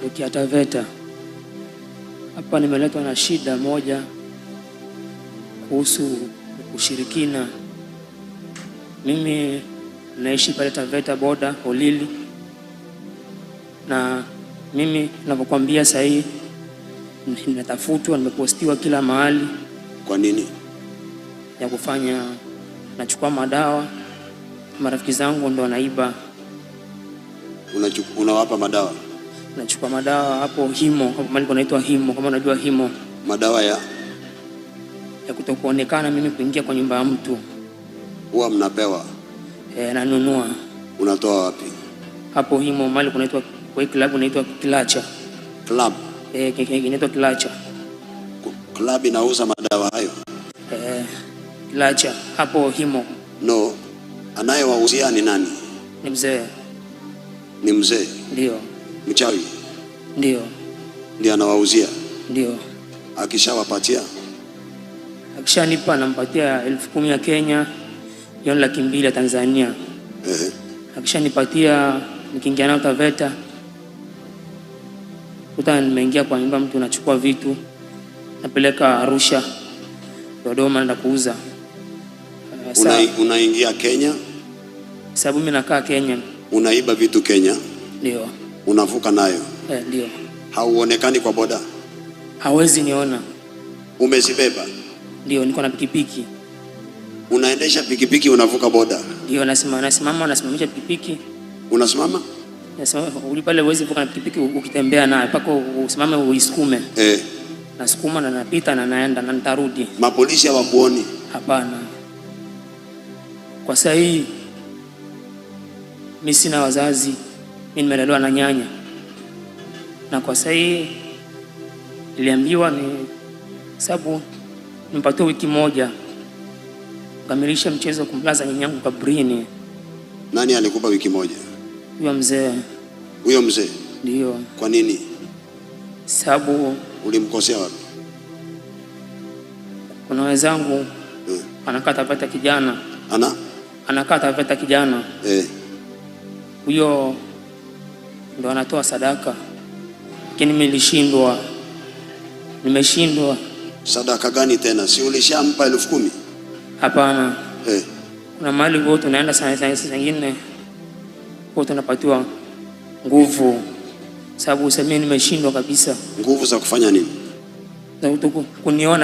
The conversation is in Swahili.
na taveta Hapa nimeletwa na shida moja kuhusu ushirikina. Mimi naishi pale TAVETA boda Holili, na mimi ninavyokuambia sasa hivi ninatafutwa, nimepostiwa kila mahali. Kwa nini? ya kufanya nachukua madawa, marafiki zangu ndo wanaiba. Unawapa madawa nachukua madawa hapo himo, hapo mali panaitwa himo, kama unajua himo, madawa ya ya kutokuonekana mimi kuingia kwa nyumba ya mtu. Huwa mnapewa? E, nanunua. Unatoa wapi? Hapo himo mali kunaitwa kwa hii klabu inaitwa Kilacha club. E, inaitwa Kilacha club, inauza madawa hayo e, Kilacha hapo himo. No, anayewauzia ni nani? Ni mzee. Ni mzee? Ndio. Mchawi ndio ndio anawauzia, ndio akishawapatia, akishanipa anampatia elfu kumi ya Kenya, yon laki mbili ya Tanzania. akishanipatia nikiingia nao Taveta kuta nimeingia kwa nyumba mtu, nachukua vitu napeleka Arusha, Dodoma, na kuuza. Eh, unaingia una Kenya sababu mimi nakaa Kenya, unaiba vitu Kenya ndio unavuka nayo eh? Ndio. Hauonekani kwa boda? Hawezi niona. Umezibeba? Ndio, niko na pikipiki. Unaendesha pikipiki, unavuka boda? Ndio, nasimama, nasimama, nasimamisha pikipiki. Unasimama? uli pale uwezi vuka na pikipiki ukitembea nayo, pako usimame uisukume. Eh. Nasukuma na napita na naenda na nitarudi. Mapolisi hawakuoni? Hapana. Kwa sasa hii mimi sina wazazi. Mimi nimelelewa na nyanya, na kwa sasa iliambiwa niliambiwa ni sababu nipatie wiki moja kamilisha mchezo kumlaza nyanyangu kabrini. Nani alikupa wiki moja? Huyo mzee. Huyo mzee? Ndio. Kwa nini? Sababu ulimkosea wapi? Kuna wenzangu hmm, eh. anakaa tapata kijana ana anakaa tapata kijana eh. huyo ndo anatoa sadaka, lakini nilishindwa, nimeshindwa. Sadaka gani tena? Si ulishampa elfu kumi? Hapana, hey. Eh. Kuna mali huo tunaenda sana, zingine huo tunapatiwa nguvu, sababu usemie nimeshindwa kabisa. Nguvu za kufanya nini? Kuniona